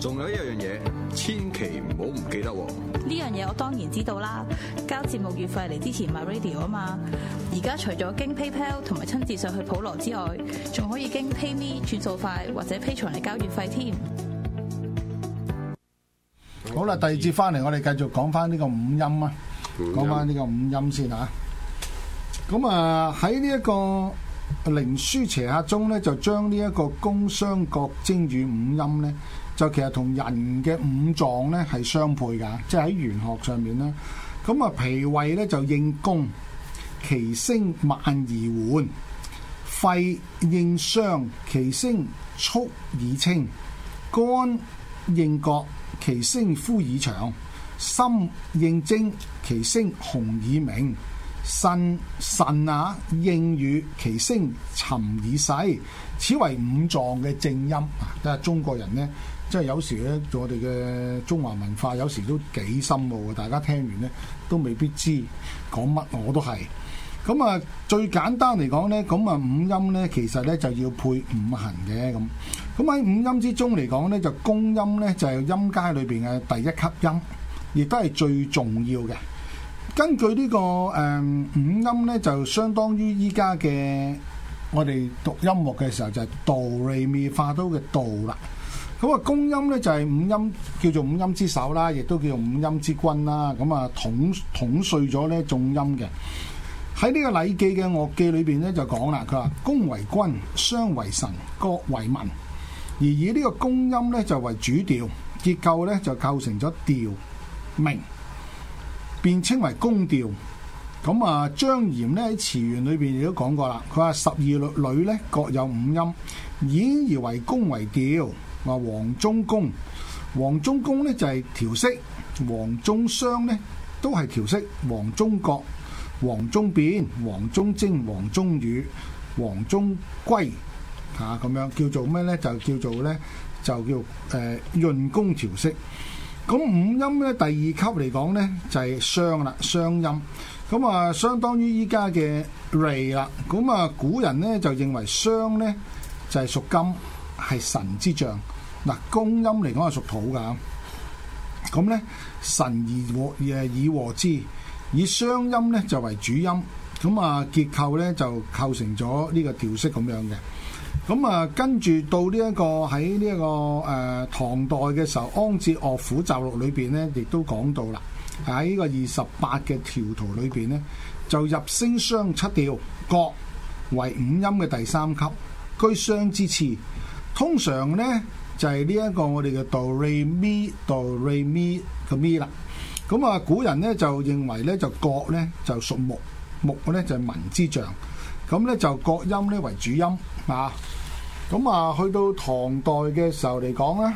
仲有一樣嘢，千祈唔好唔記得喎。呢樣嘢我當然知道啦。交節目月費嚟之前買 radio 啊嘛。而家除咗經 PayPal 同埋親自上去普羅之外，仲可以經 PayMe 轉數快或者 p a 批存嚟交月費添。好啦，好 第二節翻嚟，我哋繼續講翻呢個五音啊，講翻呢個五音先吓。咁啊，喺呢一個靈書邪客中咧，就將呢一個工商國精與五音咧。就其實同人嘅五臟咧係相配㗎，即係喺玄學上面咧。咁啊，脾胃咧就應宮，其聲慢而緩；肺應商，其聲速而清；肝應角，其聲呼而長；心應徵，其聲洪而明；腎腎啊應羽，其聲沉而細。此為五臟嘅正音。啊，因為中國人呢。即係有時咧，我哋嘅中華文化有時都幾深奧嘅。大家聽完咧，都未必知講乜。我都係咁啊！最簡單嚟講咧，咁啊五音咧，其實咧就要配五行嘅咁。咁喺五音之中嚟講咧，就宮音咧就係音階裏邊嘅第一級音，亦都係最重要嘅。根據呢個誒五音咧，就相當於依家嘅我哋讀音樂嘅時候就係 do re mi fa do 嘅 do 啦。咁啊，宮音咧就係五音，叫做五音之首啦，亦都叫做五音之君啦。咁啊，統統帥咗咧眾音嘅。喺呢個《禮記》嘅樂記裏邊咧就講啦，佢話宮為君，商為臣，角為民，而以呢個宮音咧就為主調，結構咧就構成咗調名，便稱為宮調。咁啊，張炎咧喺詞源裏邊亦都講過啦，佢話十二律呂咧各有五音，演而為宮為調。話黃中宮，黃中宮呢就係、是、調色，黃中商呢都係調色，黃中角、黃中變、黃中徵、黃中羽、黃中圭，吓、啊、咁樣叫做咩呢？就叫做呢，就叫誒潤宮調色。咁五音呢，第二級嚟講呢就係商啦，商音。咁啊，相當於依家嘅雷啦。咁啊，古人呢就認為商呢就係、是、屬金。係神之象嗱，宮音嚟講係屬土噶，咁咧神而和，誒以和之，以商音咧就為主音，咁啊結構咧就構成咗呢個調式。咁樣嘅。咁啊，跟住到呢、這、一個喺呢一個誒、呃、唐代嘅時候，安岳《安節樂府雜錄》裏邊咧亦都講到啦，喺呢個二十八嘅調圖裏邊咧就入聲商七調，角為五音嘅第三級，居商之次。通常咧就係呢一個我哋嘅 do re mi do re mi 嘅 mi 啦，咁啊古人咧就認為咧就角咧就屬木，木嘅咧就係文之象，咁咧就角音咧為主音啊。咁啊去到唐代嘅時候嚟講啊，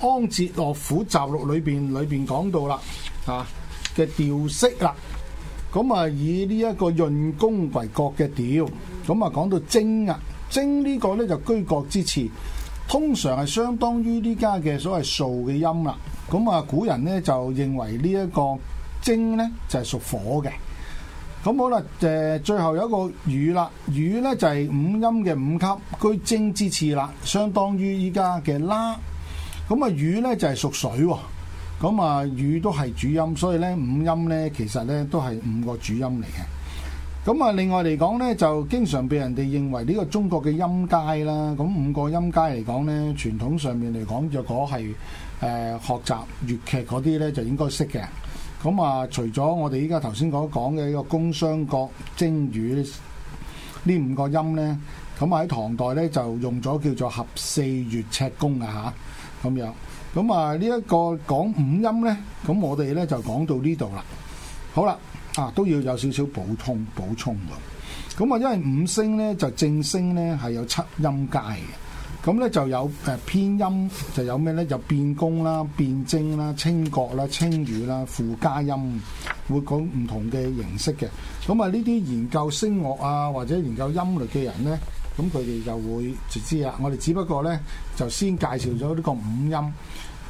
《安節樂府雜錄》裏邊裏邊講到啦，嚇嘅調色啦。咁啊，以呢一個潤功為國嘅調。咁啊講到徵啊，徵呢個呢就居角之次，通常係相當於呢家嘅所謂數嘅音啦。咁啊，古人呢就認為呢一個徵呢就係屬火嘅。咁好啦，誒最後有一個羽啦，羽呢就係五音嘅五級居徵之次啦，相當於依家嘅啦。咁啊，羽呢就係屬水喎。咁啊，羽都係主音，所以咧五音咧，其實咧都係五個主音嚟嘅。咁啊，另外嚟講咧，就經常俾人哋認為呢個中國嘅音階啦。咁五個音階嚟講咧，傳統上面嚟講，若果係誒學習粵劇嗰啲咧，就應該識嘅。咁啊，除咗我哋依家頭先所講嘅一個宮商角徵羽呢五個音咧，咁啊喺唐代咧就用咗叫做合四乙尺工嘅吓，咁樣。咁啊，呢一個講五音呢，咁我哋呢就講到呢度啦。好啦，啊都要有少少補充補充㗎。咁啊，因為五聲呢就正聲呢係有七音階嘅，咁呢就有誒偏音，就有咩呢？有變宮啦、變徵啦、清角啦、清羽啦、附加音，會講唔同嘅形式嘅。咁啊，呢啲研究聲樂啊或者研究音律嘅人呢。咁佢哋就會知啦。我哋只不過呢，就先介紹咗呢個五音。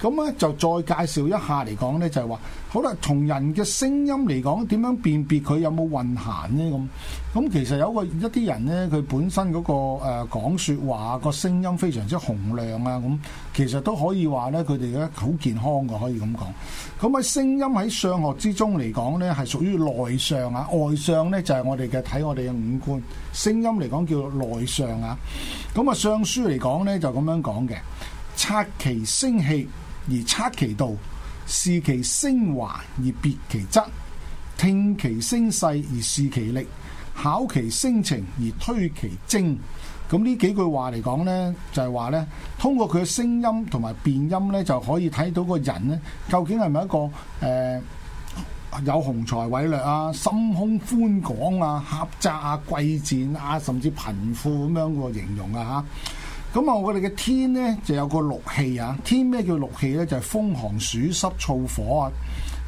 咁咧就再介紹一下嚟講咧，就係話，好啦，從人嘅聲音嚟講，點樣辨別佢有冇運行呢？咁咁其實有一個一啲人咧，佢本身嗰個誒講説話個聲音非常之洪亮啊，咁其實都可以話咧，佢哋咧好健康嘅，可以咁講。咁喺聲音喺相學之中嚟講咧，係屬於內相啊，外相咧就係我哋嘅睇我哋嘅五官。聲音嚟講叫內相啊。咁啊，相書嚟講咧就咁樣講嘅，察其聲氣，而察其道，視其聲華而別其質，聽其聲勢而視其力，考其聲情而推其精。咁呢幾句話嚟講呢就係話呢通過佢嘅聲音同埋變音呢就可以睇到個人呢，究竟係咪一個誒有雄才偉略啊，心胸寬廣啊，狹窄啊，貴賤啊，甚至貧富咁樣個形容啊嚇。咁啊，我哋嘅天呢，就有個六氣啊。天咩叫六氣呢？就係、是、風寒暑濕燥火啊。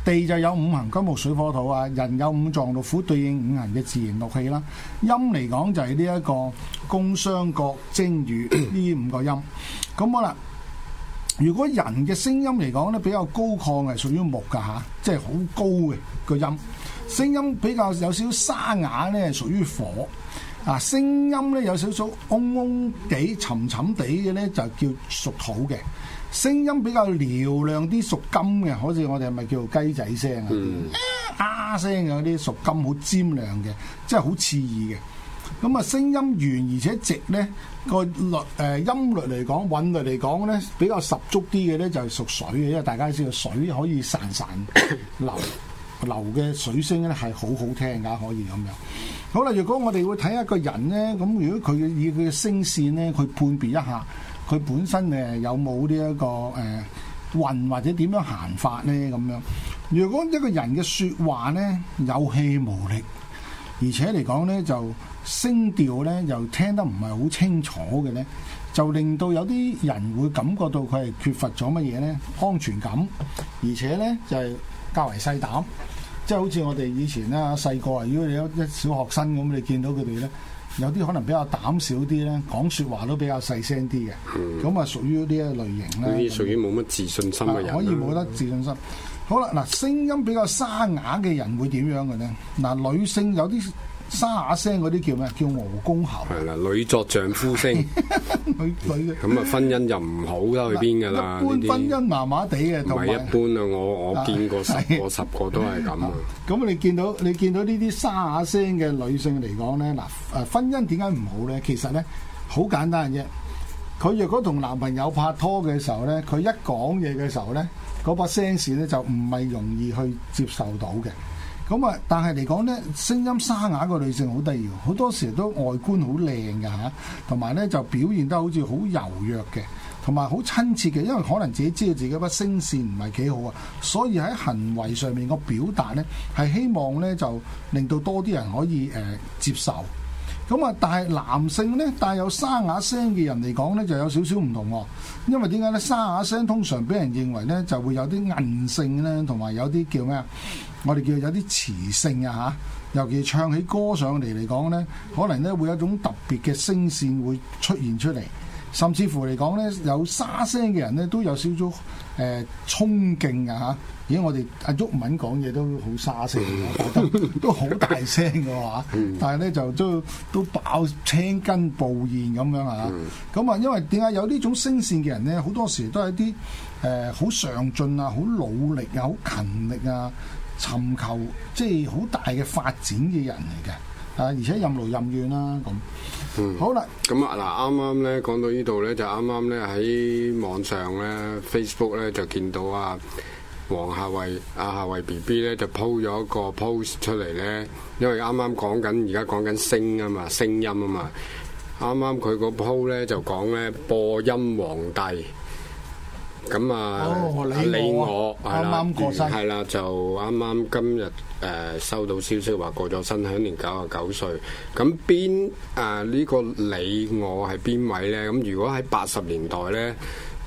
地就有五行金木水火土啊。人有五臟六腑，對應五行嘅自然六氣啦、啊。音嚟講就係呢一個宮商角徵羽呢五個音。咁好啦，如果人嘅聲音嚟講呢，比較高亢，係屬於木噶嚇、啊，即係好高嘅、那個音。聲音比較有少少沙啞呢係屬於火。啊，聲音咧有少少嗡嗡地、沉沉地嘅咧，就叫屬土嘅；聲音比較嘹亮啲，屬金嘅，好似我哋係咪叫做雞仔聲啊？嗯、啊，啊，啊聲嗰啲屬金，好尖亮嘅，即係好刺耳嘅。咁、嗯嗯、啊，聲音圓而且直咧，個律誒、呃、音律嚟講、韻律嚟講咧，比較十足啲嘅咧，就係屬水嘅，因為大家知道水可以潺潺流。 流嘅水聲咧係好好聽噶，可以咁樣。好啦，如果我哋會睇一,一個人呢，咁如果佢以佢嘅聲線咧，去判別一下佢本身誒有冇呢一個誒、呃、運或者點樣行法呢？咁樣。如果一個人嘅説話呢有氣無力，而且嚟講呢就聲調呢又聽得唔係好清楚嘅呢，就令到有啲人會感覺到佢係缺乏咗乜嘢呢？安全感，而且呢就係、是。較為細膽，即係好似我哋以前啦。細個啊，如果你有一小學生咁，你見到佢哋咧，有啲可能比較膽小啲咧，講説話都比較細聲啲嘅，咁啊、嗯、屬於呢一類型咧。啲屬於冇乜自信心嘅人、嗯，可以冇得自信心。嗯、好啦，嗱，聲音比較沙啞嘅人會點樣嘅咧？嗱，女性有啲。沙啞聲嗰啲叫咩？叫鵝公喉係啦，女作丈夫聲，女女嘅咁啊，婚姻就唔好啦，去邊噶啦？一般婚姻麻麻地嘅，唔係一般啊！我我見過十個十個都係咁啊！咁你見到你見到呢啲沙啞聲嘅女性嚟講咧，嗱，誒，婚姻點解唔好咧？其實咧，好簡單嘅啫。佢若果同男朋友拍拖嘅時候咧，佢一講嘢嘅時候咧，嗰把聲線咧就唔係容易去接受到嘅。咁啊，但係嚟講咧，聲音沙啞嘅女性好得意，好多時都外觀好靚㗎吓，同埋咧就表現得好似好柔弱嘅，同埋好親切嘅，因為可能自己知道自己把聲線唔係幾好啊，所以喺行為上面個表達咧，係希望咧就令到多啲人可以誒、呃、接受。咁啊，但係男性咧帶有沙啞聲嘅人嚟講咧，就有少少唔同喎，因為點解咧沙啞聲通常俾人認為咧就會有啲韌性咧，同埋有啲叫咩啊？我哋叫有啲磁性啊吓，尤其唱起歌上嚟嚟講咧，可能咧會有一種特別嘅聲線會出現出嚟，甚至乎嚟講咧有沙聲嘅人咧都有少少誒衝勁啊吓，而我哋阿旭文講嘢都好沙聲，我覺 得都好大聲㗎嘛， 但係咧就都都爆青筋暴現咁樣嚇。咁啊，因為點解有呢種聲線嘅人咧，好多時都係啲誒好上進啊、好努力啊、好勤力啊。尋求即係好大嘅發展嘅人嚟嘅，啊！而且任勞任怨啦、啊、咁。嗯，好啦了，咁啊嗱，啱啱咧講到呢度咧，就啱啱咧喺網上咧 Facebook 咧就見到啊，黃夏蕙，阿夏蕙 B B 咧就 po 咗一個 post 出嚟咧，因為啱啱講緊而家講緊聲啊嘛，聲音啊嘛，啱啱佢個 post 咧就講咧播音皇帝。咁啊，李那、哦、我啱啱過身，係啦，係啦，就啱啱今日誒收到消息話過咗身，享年九十九歲。咁邊啊呢、這個李我係邊位呢？咁如果喺八十年代呢？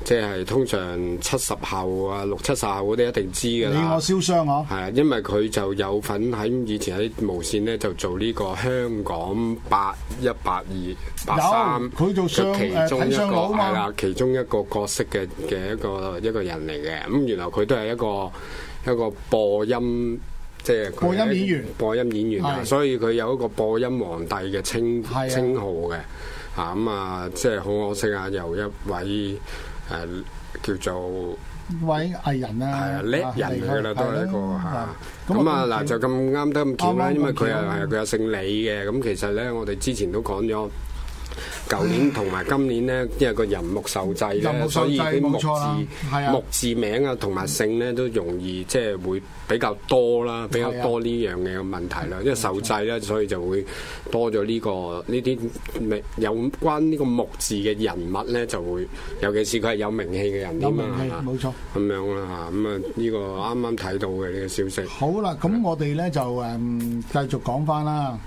即係通常七十後啊，六七十後嗰啲一定知㗎啦。我燒傷我係啊，因為佢就有份喺以前喺無線咧，就做呢個香港八一八二有八三，佢做其中一個係啊，其中一個角色嘅嘅一個一個人嚟嘅。咁、嗯、原來佢都係一個一個播音，即、就、係、是、播音演員，播音演員啊。所以佢有一個播音皇帝嘅稱的稱號嘅啊。咁、嗯、啊，即係好可惜啊，又一位。誒、啊、叫做位藝人啊，叻、啊、人嚟㗎啦，的都係一個嚇。咁的啊嗱，就咁啱得咁巧啦，剛剛因為佢又佢又姓李嘅。咁、嗯、其實咧，我哋之前都講咗。舊年同埋今年咧，因為個人木受制咧，制所以木字、木字名啊，同埋姓咧都容易即係、就是、會比較多啦，嗯、比較多呢樣嘅問題啦。冇錯，因為受制咧，所以就會多咗呢、這個呢啲未有關呢個木字嘅人物咧，就會尤其是佢係有名氣嘅人，有名氣冇錯，咁樣啦吓。咁啊呢個啱啱睇到嘅呢、這個消息，嗯、好啦，咁我哋咧就誒繼、嗯、續講翻啦。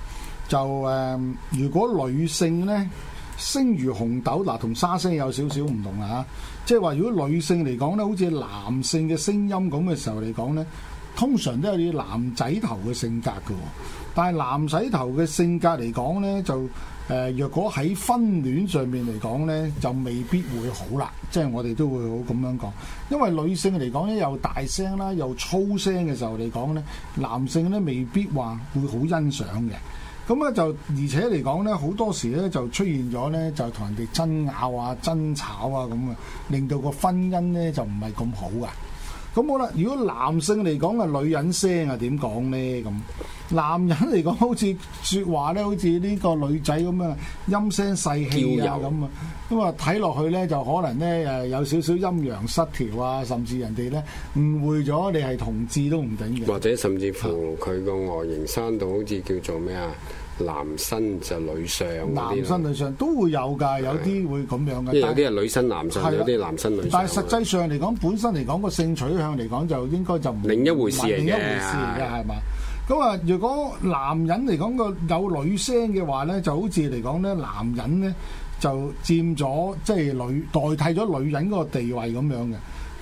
就誒、呃，如果女性呢，聲如紅豆嗱，呃、沙聲點點同沙聲有少少唔同啊！即係話，如果女性嚟講呢，好似男性嘅聲音咁嘅時候嚟講呢，通常都有啲男仔頭嘅性格嘅、哦。但係男仔頭嘅性格嚟講呢，就誒、呃，若果喺婚戀上面嚟講呢，就未必會好啦。即係我哋都會好咁樣講，因為女性嚟講呢，又大聲啦，又粗聲嘅時候嚟講呢，男性呢，未必話會好欣賞嘅。咁咧就而且嚟講咧，好多時咧就出現咗咧，就同人哋爭拗啊、爭吵啊咁啊，令到個婚姻咧就唔係咁好噶。咁好啦，如果男性嚟講啊，女人聲啊點講咧咁？男人嚟講，好似說話咧，好似呢個女仔咁啊，陰聲細氣啊咁啊，咁啊睇落去咧，就可能咧誒有少少陰陽失調啊，甚至人哋咧誤會咗你係同志都唔頂嘅。或者甚至乎佢個外形生到好似叫做咩啊，男生就女相，男生女相都會有㗎，的有啲會咁樣嘅。即係有啲係女生男相，的有啲係男生女相。但係實際上嚟講，本身嚟講個性取向嚟講，就應該就唔另一回事另一回事嚟嘅，係嘛？咁啊，如果男人嚟講個有女聲嘅話咧，就好似嚟講咧，男人咧就佔咗即係女代替咗女人嗰個地位咁樣嘅。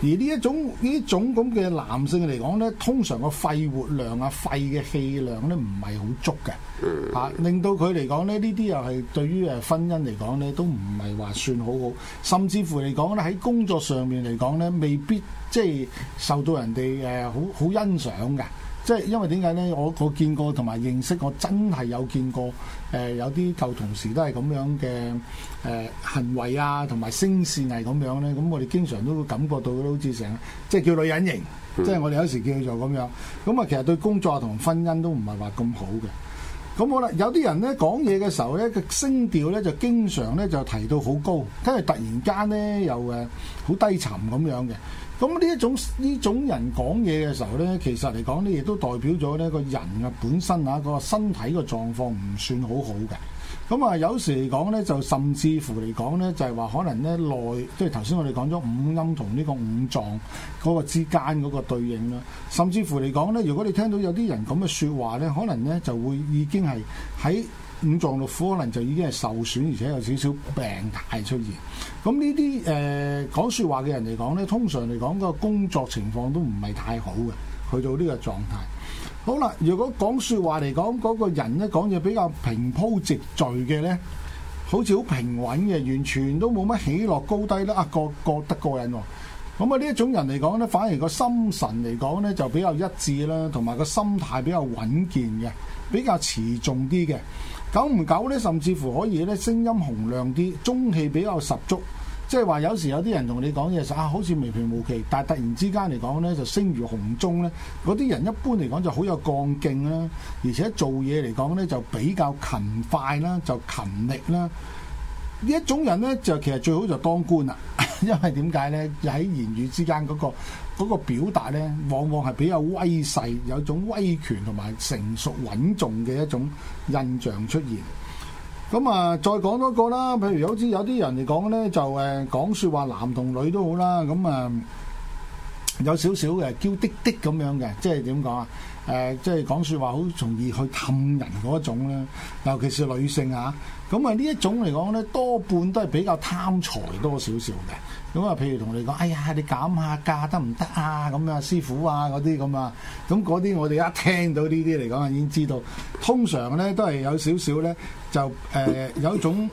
而呢一種呢一種咁嘅男性嚟講咧，通常個肺活量啊、肺嘅氣量咧唔係好足嘅，啊令到佢嚟講咧呢啲又係對於誒婚姻嚟講咧都唔係話算好好，甚至乎嚟講咧喺工作上面嚟講咧未必即係、就是、受到人哋誒好好欣賞嘅。即係因為點解呢？我我見過同埋認識，我真係有見過誒有啲舊同事都係咁樣嘅誒行為啊，同埋聲線係咁樣呢。咁我哋經常都會感覺到呢，好似成日，即係叫女人型，嗯、即係我哋有時叫佢做咁樣。咁啊，其實對工作同婚姻都唔係話咁好嘅。咁好啦，有啲人呢講嘢嘅時候呢，個聲調呢就經常呢就提到好高，跟住突然間呢又誒好低沉咁樣嘅。咁呢一種呢種人講嘢嘅時候呢，其實嚟講呢，亦都代表咗呢個人啊本身啊個身體個狀況唔算好好嘅。咁啊有時嚟講呢，就甚至乎嚟講呢，就係話可能呢內，即係頭先我哋講咗五音同呢個五臟嗰個之間嗰個對應啦。甚至乎嚟講呢，如果你聽到有啲人咁嘅説話呢，可能呢就會已經係喺。五臟六腑可能就已經係受損，而且有少少病態出現。咁、呃、呢啲誒講説話嘅人嚟講咧，通常嚟講個工作情況都唔係太好嘅。去到呢個狀態好啦。如果講説話嚟講嗰、嗰個人咧講嘢比較平鋪直敍嘅呢，好似好平穩嘅，完全都冇乜起落高低啦。啊，覺覺得過癮喎。咁啊，呢一種人嚟講呢，反而個心神嚟講呢，就比較一致啦，同埋個心態比較穩健嘅，比較持重啲嘅。久唔久咧，甚至乎可以咧聲音洪亮啲，中氣比較十足。即係話有時有啲人同你講嘢時啊，好似平平無奇，但係突然之間嚟講咧就聲如洪鐘咧。嗰啲人一般嚟講就好有幹勁啦，而且做嘢嚟講咧就比較勤快啦，就勤力啦。呢一種人咧就其實最好就當官啦，因為點解咧？就喺言語之間嗰、那個。嗰個表達呢，往往係比較威勢，有種威權同埋成熟穩重嘅一種印象出現。咁啊，再講多個啦，譬如好似有啲人嚟講呢，就誒、呃、講説話男同女都好啦，咁啊。呃有少少嘅嬌滴滴咁樣嘅，即係點、呃就是、講啊？誒，即係講説話好容易去氹人嗰種啦。尤其是女性啊，咁啊呢一種嚟講咧，多半都係比較貪財多少少嘅。咁啊，譬如同你講，哎呀，你減下價得唔得啊？咁啊，師傅啊，嗰啲咁啊，咁嗰啲我哋一聽到呢啲嚟講，已經知道，通常咧都係有少少咧，就、呃、誒有一種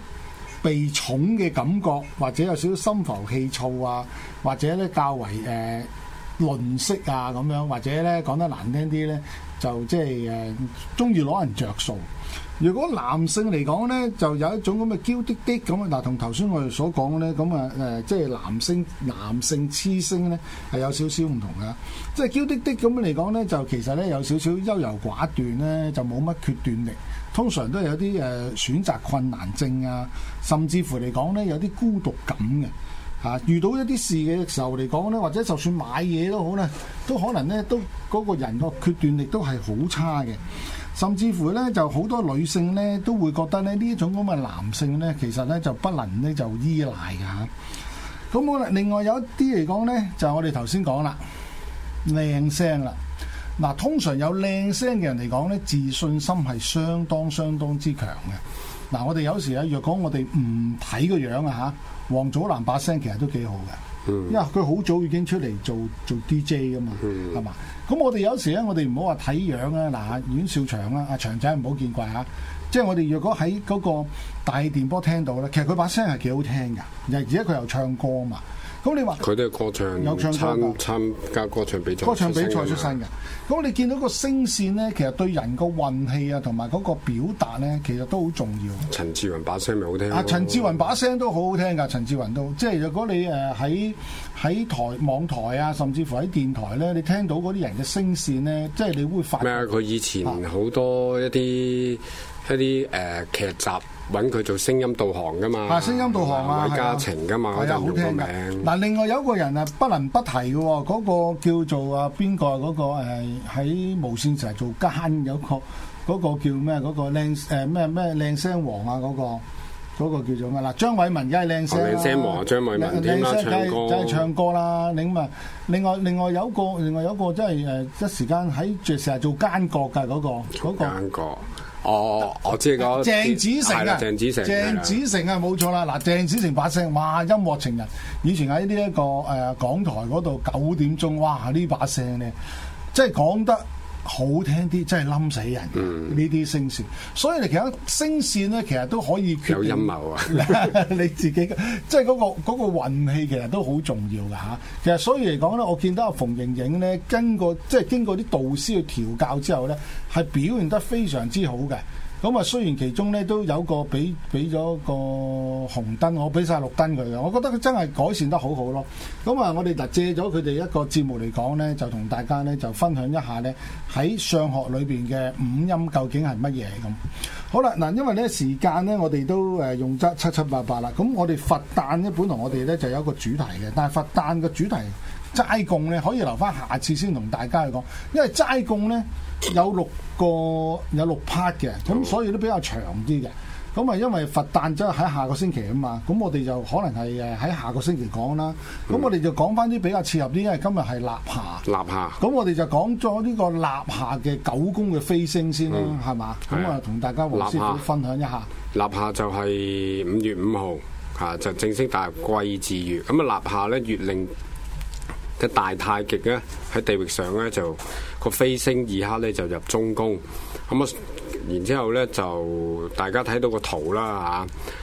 被寵嘅感覺，或者有少少心浮氣躁啊，或者咧較為誒。呃吝嗇啊咁樣，或者咧講得難聽啲咧，就即係誒，中意攞人着數。如果男性嚟講咧，就有一種咁嘅嬌滴滴咁啊，嗱、呃，同頭先我哋所講咧，咁啊誒，即係男性男性雌性咧係有少少唔同嘅，即係嬌滴滴咁嚟講咧，就其實咧有少少優柔寡斷咧，就冇乜決斷力，通常都有啲誒、呃、選擇困難症啊，甚至乎嚟講咧有啲孤獨感嘅。啊！遇到一啲事嘅時候嚟講呢，或者就算買嘢都好呢，都可能呢，都嗰個人個決斷力都係好差嘅，甚至乎呢，就好多女性呢，都會覺得呢，呢一種咁嘅男性呢，其實呢就不能呢就依賴㗎。咁、啊、我另外有一啲嚟講呢，就係、我哋頭先講啦，靚聲啦，嗱、啊、通常有靚聲嘅人嚟講呢，自信心係相當相當之強嘅。嗱、啊，我哋有時咧，若講我哋唔睇個樣啊嚇，王祖藍把聲其實都幾好嘅，mm. 因為佢好早已經出嚟做做 DJ 咁啊嘛。咁、mm. 我哋有時咧，我哋唔好話睇樣啊，嗱，阮兆祥啊，阿祥仔唔好見怪嚇。即、啊、係、就是、我哋若果喺嗰個大電波聽到咧，其實佢把聲係幾好聽嘅，而且佢又唱歌啊嘛。咁你話佢都係歌唱，參參加歌唱比賽，歌唱比賽出身嘅。咁你見到個聲線咧，其實對人個運氣啊，同埋嗰個表達咧，其實都好重要。陳志雲把聲咪好聽？啊，陳志雲把聲都好好聽㗎。陳志雲都即係如果你誒喺喺台網台啊，甚至乎喺電台咧，你聽到嗰啲人嘅聲線咧，即係你會發覺咩啊？佢以前好多一啲一啲誒、呃、劇集。揾佢做聲音導航噶嘛？啊，聲音導航啊，係嘛，好聽嘅。嗱、啊，另外有個人啊，不能不提嘅喎，嗰、那個叫做啊，邊、那個啊？嗰個誒喺無線成日做奸有、那個那個，嗰叫咩？嗰個靚咩咩靚聲王啊？嗰、那個那個叫做咩？嗱，張偉文梗係靚聲啦、啊啊。靚聲王、啊、張偉文、啊，聽啦、就是、唱歌。就係唱歌啦，另外另外另外有個另外有個即係誒一時間喺無線成日做奸角嘅嗰個嗰個。那個哦，哦，即係個鄭子誠啊，鄭子了誠，鄭子誠啊，冇錯啦！嗱，鄭子誠把聲哇，音樂情人，以前喺呢一個誒、呃、港台嗰度九點鐘哇，呢把聲咧，即係講得。好聽啲真係冧死人嘅呢啲聲線，所以你其實聲線咧，其實都可以有陰謀啊！ 你自己嘅， 即係嗰個嗰個運氣其實都好重要嘅嚇、啊。其實所以嚟講咧，我見到阿馮盈盈咧，過經過即係經過啲導師去調教之後咧，係表現得非常之好嘅。咁啊，雖然其中咧都有個俾俾咗個紅燈，我俾晒綠燈佢嘅，我覺得佢真係改善得好好咯。咁啊，我哋就借咗佢哋一個節目嚟講咧，就同大家咧就分享一下咧喺上學裏邊嘅五音究竟係乜嘢咁。好啦，嗱，因為呢時間咧，我哋都誒用得七七八八啦。咁我哋佛誕咧，本來我哋咧就有一個主題嘅，但係佛誕嘅主題齋供咧，可以留翻下，下次先同大家去講，因為齋供咧。有六個有六 part 嘅，咁所以都比較長啲嘅。咁啊，因為佛誕真係喺下個星期啊嘛，咁我哋就可能係誒喺下個星期講啦。咁我哋就講翻啲比較切入啲，因為今日係立夏。立夏。咁我哋就講咗呢個立夏嘅九宮嘅飛星先啦，係嘛、嗯？咁啊，同大家黃師傅分享一下。立夏，立夏就係五月五號，嚇就正式踏入季至月。咁啊，立夏咧，月令。嘅大太極咧，喺地域上咧就個飛星二黑咧就入中宮，咁啊，然之後咧就大家睇到個圖啦嚇，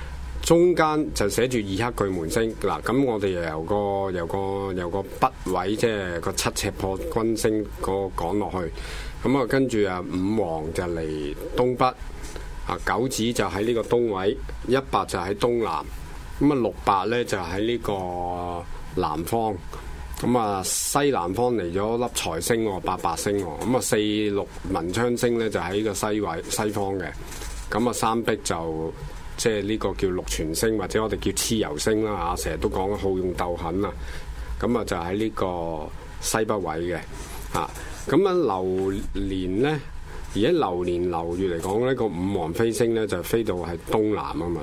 中間就寫住二黑巨門星嗱。咁我哋由個由個由個由個北位即係個七赤破軍星嗰講落去，咁啊，跟住啊五黃就嚟東北，啊九紫就喺呢個東位，一白就喺東南，咁啊六白咧就喺呢個南方。咁啊，西南方嚟咗粒財星，八白星，咁啊四六文昌星咧就喺呢個西位西方嘅，咁啊三碧就即係呢個叫祿存星或者我哋叫蚩尤星啦吓，成日都講好用鬥狠、就是、啊，咁啊就喺呢個西北位嘅，吓咁啊流年咧，而家流年流月嚟講呢個五黃飛星咧就飛到係東南啊嘛，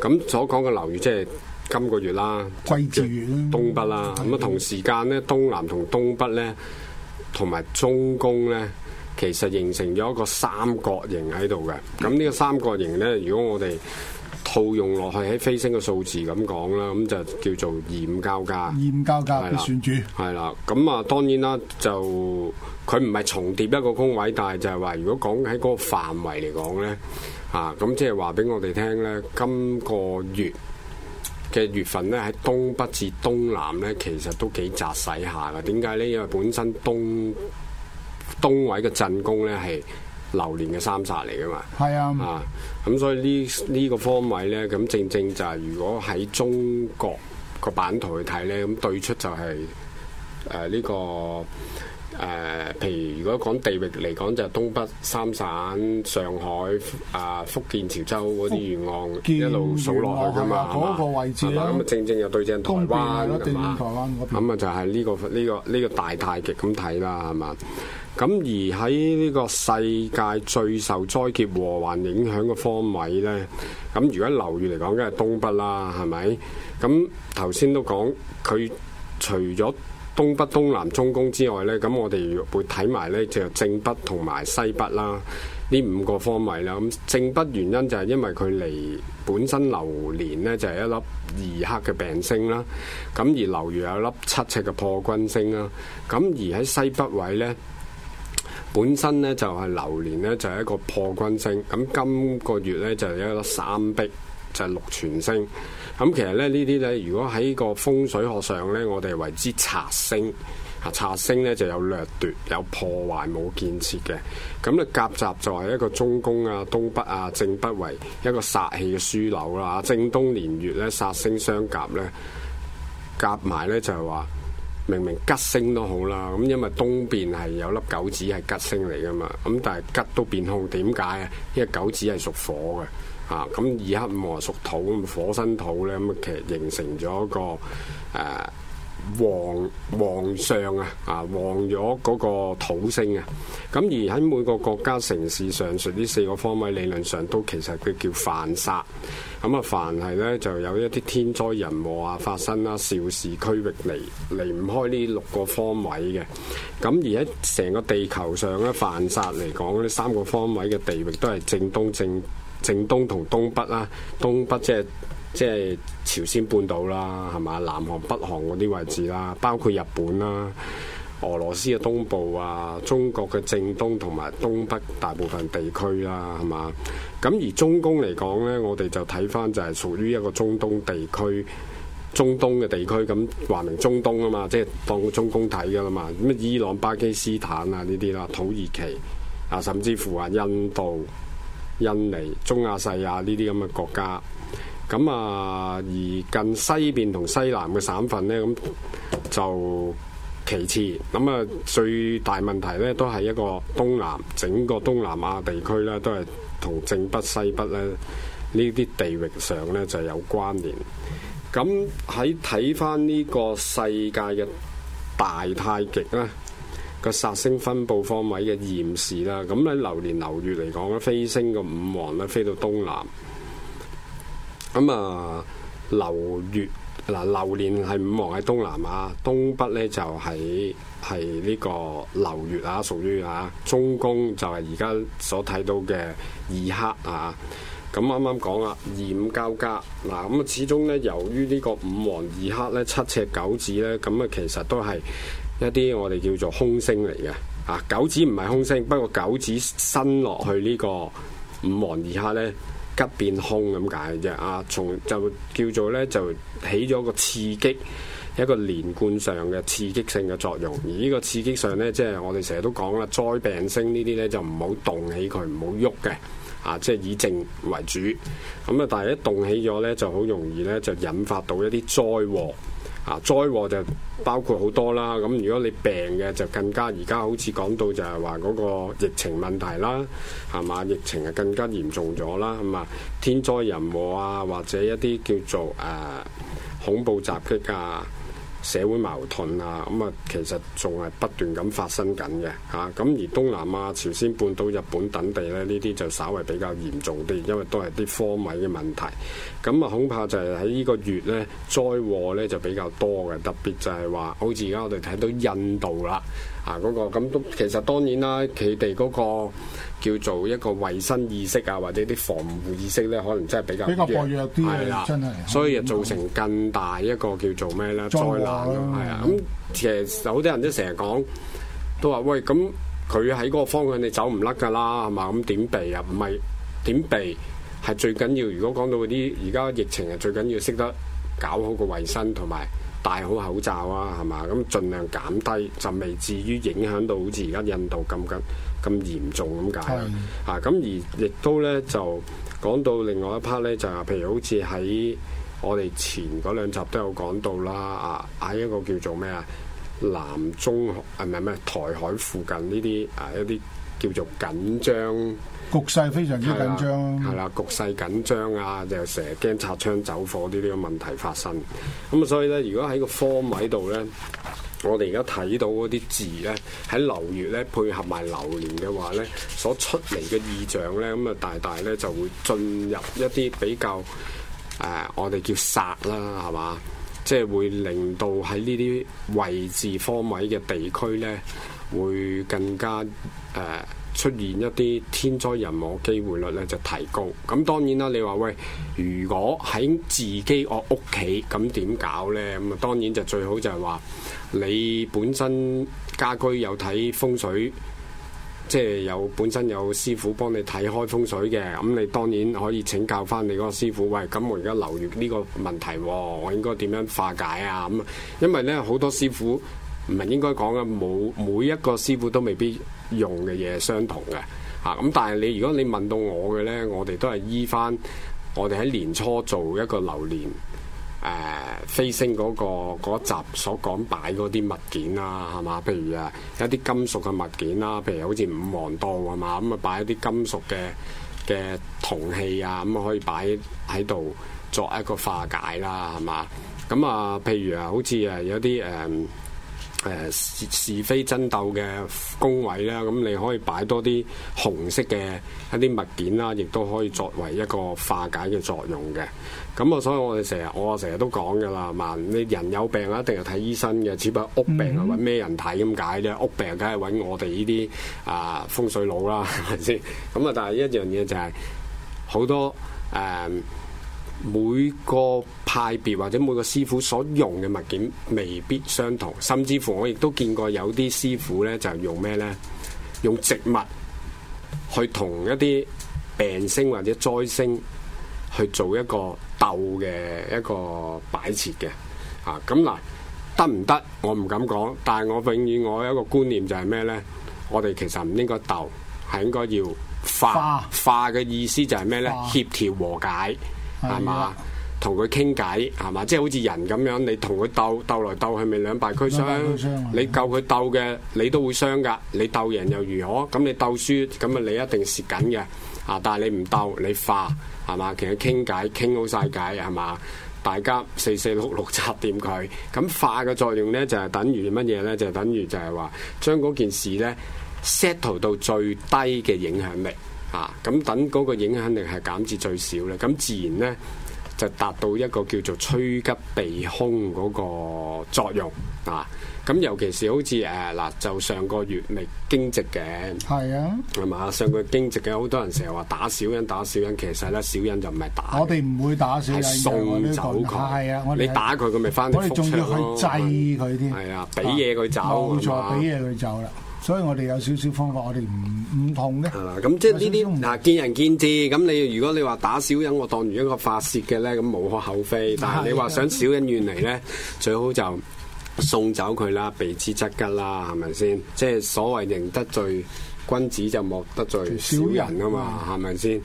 咁所講嘅流月即係。今個月啦，貴住東北啦，咁啊、嗯、同時間咧，東南同東北咧，同埋中宮咧，其實形成咗一個三角形喺度嘅。咁呢、嗯、個三角形咧，如果我哋套用落去喺飛星嘅數字咁講啦，咁就叫做二五交加。二五交加，係啦，咁啊當然啦，就佢唔係重疊一個宮位，但係就係話，如果講喺嗰個範圍嚟講咧，啊咁即係話俾我哋聽咧，今個月。嘅月份咧，喺東北至東南咧，其實都幾窄細下噶。點解咧？因為本身東東位嘅震宮咧係流年嘅三煞嚟噶嘛。係啊，啊咁所以呢、呢、呢個方位咧，咁正正就係如果喺中國個版圖去睇咧，咁對出就係誒呢個。誒，譬如如果講地域嚟講，就係東北三省、上海、啊福建、潮州嗰啲沿岸一路數落去啊嘛，咁啊正正又對正台灣啊嘛，咁啊就係呢個呢個呢個大太極咁睇啦，係嘛？咁而喺呢個世界最受災劫禍患影響嘅方位咧，咁如果流月嚟講，梗係東北啦，係咪？咁頭先都講佢除咗東北、東南、中宮之外呢，咁我哋會睇埋呢，就正北同埋西北啦，呢五個方位啦。咁正北原因就係因為佢離本身流年呢，就係一粒二黑嘅病星啦，咁而流月有一粒七赤嘅破軍星啦，咁而喺西北位呢，本身呢就係流年呢，就係一個破軍星，咁今個月呢，就係一粒三碧。就係六全星，咁其實咧呢啲咧，如果喺個風水學上咧，我哋為之賊星，啊賊星咧就有掠奪、有破壞、冇建設嘅，咁咧夾雜就係一個中宮啊、東北啊、正北為一個煞氣嘅樞紐啦，正東年月咧煞星相夾咧，夾埋咧就係話明明吉星都好啦，咁因為東邊係有粒九子係吉星嚟噶嘛，咁但係吉都變凶，點解啊？因為九子係屬火嘅。啊！咁二黑木啊，屬土咁，火生土咧，咁其實形成咗一個誒旺旺相啊，啊旺咗嗰個土星啊。咁而喺每個國家城市上，上述呢四個方位理論上都其實佢叫犯煞咁啊。犯係咧就有一啲天災人禍啊發生啦，肇事區域嚟離唔開呢六個方位嘅。咁而喺成個地球上咧，犯煞嚟講呢三個方位嘅地域都係正東正正東同東北啦，東北即係即係朝鮮半島啦，係嘛？南韓、北韓嗰啲位置啦，包括日本啦、俄羅斯嘅東部啊、中國嘅正東同埋東北大部分地區啦，係嘛？咁而中東嚟講呢，我哋就睇翻就係屬於一個中東地區，中東嘅地區咁，話明中東啊嘛，即係當中東睇㗎啦嘛。咁啊，伊朗、巴基斯坦啊呢啲啦，土耳其啊，甚至乎啊印度。印尼、中亞、西亞呢啲咁嘅國家，咁啊而近西邊同西南嘅省份呢，咁就其次。咁啊最大問題呢，都係一個東南，整個東南亞地區呢，都係同正北、西北呢呢啲地域上呢就有關聯。咁喺睇翻呢個世界嘅大太極呢。個煞星分布方位嘅驗視啦，咁喺流年流月嚟講咧，飛星嘅五王咧飛到東南，咁啊流月嗱流、啊、年係五王喺東南啊，東北咧就係係呢個流月屬於啊，屬於啊中宮就係而家所睇到嘅二黑啊，咁啱啱講啊二五交加嗱，咁啊始終咧由於呢個五王二黑咧七赤九紫咧，咁啊其實都係。一啲我哋叫做空星嚟嘅，啊九子唔係空星，不過九子伸落去呢個五黃二黑呢，急變空咁解嘅啫。啊，從就叫做呢，就起咗個刺激，一個連貫上嘅刺激性嘅作用。而呢個刺激上呢，即係我哋成日都講啦，災病星呢啲呢，就唔好動起佢，唔好喐嘅。啊，即係以靜為主。咁啊，但係一動起咗呢，就好容易呢，就引發到一啲災禍。啊，災禍就包括好多啦。咁如果你病嘅就更加，而家好似講到就係話嗰個疫情問題啦，係嘛？疫情係更加嚴重咗啦，係嘛？天災人禍啊，或者一啲叫做誒、啊、恐怖襲擊啊。社會矛盾啊，咁啊其實仲係不斷咁發生緊嘅嚇，咁而東南亞、朝鮮半島、日本等地咧，呢啲就稍微比較嚴重啲，因為都係啲科米嘅問題。咁啊，恐怕就係喺呢個月呢，災禍呢就比較多嘅，特別就係話，好似而家我哋睇到印度啦。嗱，嗰個咁，都其實當然啦，佢哋嗰個叫做一個衞生意識啊，或者啲防護意識咧，可能真係比較比較薄弱啲，係啦，真係所以就造成更大一個叫做咩咧災難咯，係啊，咁的其實有啲人都成日講，都話喂，咁佢喺嗰個方向你走唔甩噶啦，係嘛？咁點避啊？唔係點避係最緊要。如果講到啲而家疫情，係最緊要識得搞好個衞生同埋。戴好口罩啊，係嘛？咁盡量減低，就未至於影響到好似而家印度咁緊咁嚴重咁解。啊咁、嗯啊、而亦都咧就講到另外一 part 咧，就係、是、譬如好似喺我哋前嗰兩集都有講到啦，啊喺、啊、一個叫做咩啊南中啊唔係咩台海附近呢啲啊一啲叫做緊張。局勢非常之緊張，啊，係啦，局勢緊張啊，就成日驚擦槍走火呢啲問題發生。咁所以咧，如果喺個方位度咧，我哋而家睇到嗰啲字咧，喺流月咧配合埋流年嘅話咧，所出嚟嘅意象咧，咁啊大大咧就會進入一啲比較誒、呃，我哋叫煞啦，係嘛？即、就、係、是、會令到喺呢啲位置方位嘅地區咧，會更加誒。呃出現一啲天災人禍機會率咧就提高，咁當然啦。你話喂，如果喺自己我屋企，咁點搞呢？咁啊當然就最好就係話你本身家居有睇風水，即係有本身有師傅幫你睇開風水嘅。咁你當然可以請教翻你嗰個師傅。喂，咁我而家流月呢個問題，我應該點樣化解啊？咁因為呢，好多師傅唔係應該講嘅，冇每，每一個師傅都未必。用嘅嘢相同嘅，嚇、啊、咁但係你如果你問到我嘅咧，我哋都係依返我哋喺年初做一個流年誒飛星嗰、嗰個嗰集所講擺嗰啲物件啦，係嘛？譬如啊，一啲金屬嘅物件啦，譬如好似五黃到係嘛，咁啊擺一啲金屬嘅嘅銅器啊，咁、嗯、可以擺喺度作一個化解啦，係嘛？咁、嗯、啊，譬如啊，好似啊有啲誒。嗯誒、呃、是，是非爭鬥嘅宮位啦，咁、嗯、你可以擺多啲紅色嘅一啲物件啦，亦都可以作為一個化解嘅作用嘅。咁、嗯、啊，所以我哋成日我啊成日都講噶啦，嘛你人有病啊，一定係睇醫生嘅，只不過屋病係揾咩人睇咁解啫，mm hmm. 屋病梗係揾我哋呢啲啊風水佬啦，係咪先？咁啊，但係一樣嘢就係好多誒每個。派別或者每個師傅所用嘅物件未必相同，甚至乎我亦都見過有啲師傅呢，就用咩呢？用植物去同一啲病星或者災星去做一個鬥嘅一個擺設嘅，啊咁嗱得唔得？我唔敢講，但係我永遠我有一個觀念就係咩呢？我哋其實唔應該鬥，係應該要化。化嘅意思就係咩呢？協調化和解係嘛？的同佢傾偈係嘛，即係好似人咁樣，你同佢鬥鬥來鬥去，咪兩敗俱傷。俱傷你夠佢鬥嘅，你都會傷噶。你鬥人又如何咁？你鬥輸咁啊，你一定蝕緊嘅啊。但係你唔鬥，你化係嘛？其實傾偈傾好晒偈係嘛，大家四四六六插掂佢咁化嘅作用咧，就係等於乜嘢咧？就等於就係話將嗰件事咧 settle 到最低嘅影響力啊。咁等嗰個影響力係減至最少咧，咁自然咧。就達到一個叫做趨吉避凶嗰個作用啊！咁尤其是好似誒嗱，就上個月未驚蟄嘅係啊，係嘛？上個月驚蟄嘅好多人成日話打小人打小人，其實咧，小人就唔係打，我哋唔會打小人，係送走佢。係他啊，你打佢佢咪翻？我哋仲要去制佢添。係啊，俾嘢佢走。冇錯，俾嘢佢走啦。所以我哋有少少方法，我哋唔唔痛嘅。係啦，咁、啊、即係呢啲嗱，見仁見智。咁你如果你話打小人，我當如一個發泄嘅咧，咁無可厚非。但係你話想小人遠離咧， 最好就送走佢啦，避之則吉啦，係咪先？即係所謂認得罪，君子就莫得罪小人啊嘛，係咪先？啊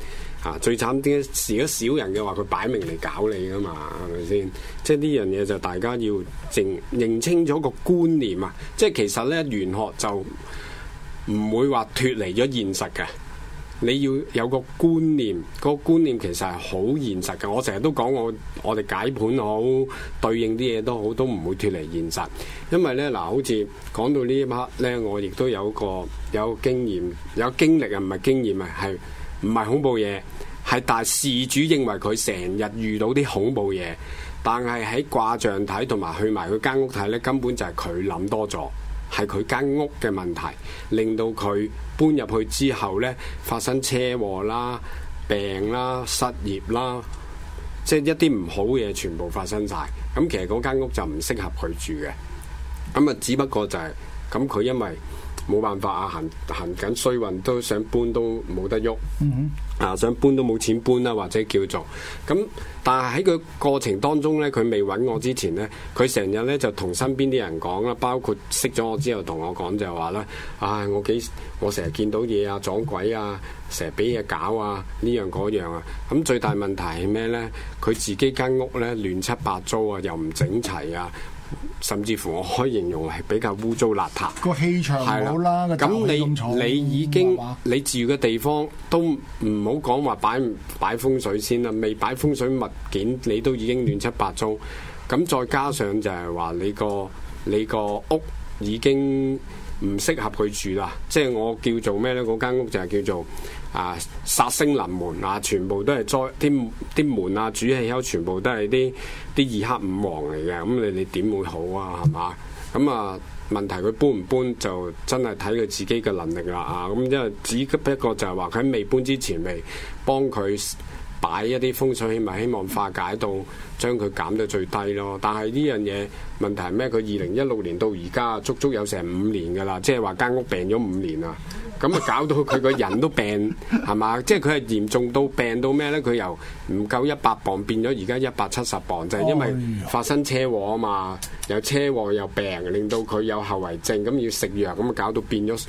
吧，最慘啲，事咗小人嘅話，佢擺明嚟搞你噶嘛，係咪先？即係呢樣嘢就大家要正認清咗個觀念啊！即係其實咧，玄學就唔會話脫離咗現實嘅。你要有個觀念，個觀念其實係好現實嘅。我成日都講我，我哋解盤好，對應啲嘢都好，都唔會脱離現實。因為呢，嗱，好似講到呢一刻呢，我亦都有個有個經驗有經歷啊，唔係經驗啊，係唔係恐怖嘢？係，但事主認為佢成日遇到啲恐怖嘢，但係喺卦象睇同埋去埋佢間屋睇呢，根本就係佢諗多咗。係佢間屋嘅問題，令到佢搬入去之後呢，發生車禍啦、病啦、失業啦，即係一啲唔好嘢全部發生晒。咁其實嗰間屋就唔適合佢住嘅。咁啊，只不過就係、係、咁，佢因為。冇辦法啊，行行緊衰運，都想搬都冇得喐。嗯哼、mm，hmm. 啊想搬都冇錢搬啦、啊，或者叫做咁。但係喺佢過程當中咧，佢未揾我之前咧，佢成日咧就同身邊啲人講啦，包括識咗我之後同我講就話咧，唉、啊，我幾我成日見到嘢啊，撞鬼啊，成日俾嘢搞啊，呢樣嗰樣啊。咁最大問題係咩咧？佢自己間屋咧亂七八糟啊，又唔整齊啊。甚至乎我可以形容係比較污糟邋遢，個氣場係啦。咁你你已經 你住嘅地方都唔好講話擺擺風水先啦，未擺風水物件你都已經亂七八糟。咁再加上就係話你個你個屋已經唔適合佢住啦。即係我叫做咩呢？嗰間屋就係叫做。啊！殺星臨門啊！全部都係災啲啲門啊，主氣休全部都係啲啲二黑五黃嚟嘅，咁你哋點會好啊？係嘛？咁啊，問題佢搬唔搬就真係睇佢自己嘅能力啦啊！咁因為只不過就係話佢未搬之前未幫佢，擺一啲風水，起碼希望化解到將佢減到最低咯。但係呢樣嘢問題係咩？佢二零一六年到而家足足有成五年㗎啦，即係話間屋病咗五年啊。咁啊搞到佢個人都病係嘛？ 即係佢係嚴重到病到咩呢？佢由唔夠一百磅，變咗而家一百七十磅，就係、是、因為發生車禍啊嘛。有車禍又病，令到佢有後遺症，咁要食藥，咁啊搞到變咗。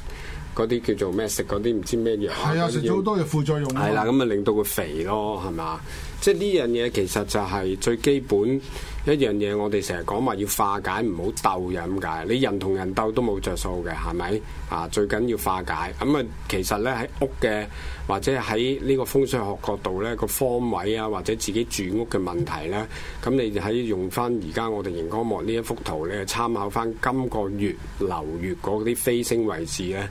嗰啲叫做咩？食嗰啲唔知咩藥？係啊的，食咗好多嘅副作用、啊。係啦，咁啊令到佢肥咯，係嘛？即係呢樣嘢其實就係最基本。一樣嘢，我哋成日講話要化解，唔好鬥又解。你人同人鬥都冇着數嘅，係咪？啊，最緊要化解。咁、嗯、啊，其實咧喺屋嘅，或者喺呢個風水學角度咧，個方位啊，或者自己住屋嘅問題咧，咁你就喺用翻而家我哋熒光幕呢一幅圖咧，參考翻今個月流月嗰啲飛星位置咧，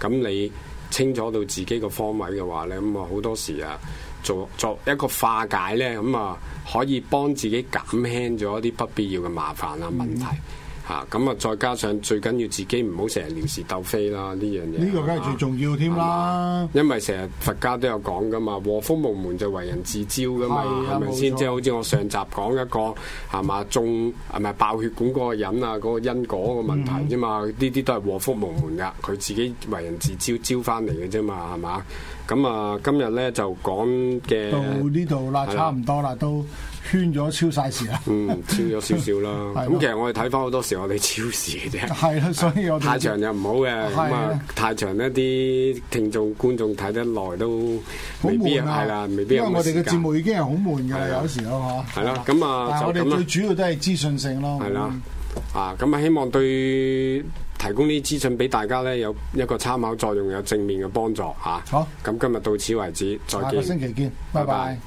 咁、嗯、你清楚到自己個方位嘅話咧，咁啊好多時啊，作作一個化解咧，咁、嗯、啊～可以幫自己減輕咗一啲不必要嘅麻煩啊，問題。嗯嚇咁啊！再加上最緊要自己唔好成日撩事鬥非啦，呢樣嘢呢個梗係最重要添啦。吧因為成日佛家都有講噶嘛，禍福無門就為人自招噶嘛。係咪先？即係好似我上集講一個係嘛，中係咪爆血管嗰個人啊？嗰、嗰個因果個問題啫嘛，呢啲、嗯、都係禍福無門噶，佢自己為人自招招翻嚟嘅啫嘛，係嘛？咁啊，今日咧就講嘅到呢度啦，吧差唔多啦都。圈咗超晒時啦，嗯，超咗少少啦。咁其實我哋睇翻好多時，我哋超時嘅啫。係咯，所以我太長又唔好嘅。咁啊，太長一啲聽眾觀眾睇得耐都未必啊，係啦，未必有。因為我哋嘅節目已經係好悶㗎，有時候嚇。係咯，咁啊，我哋最主要都係資訊性咯。係啦，啊，咁啊，希望對提供啲資訊俾大家咧，有一個參考作用，有正面嘅幫助嚇。好，咁今日到此為止，再見。下個星期見，拜拜。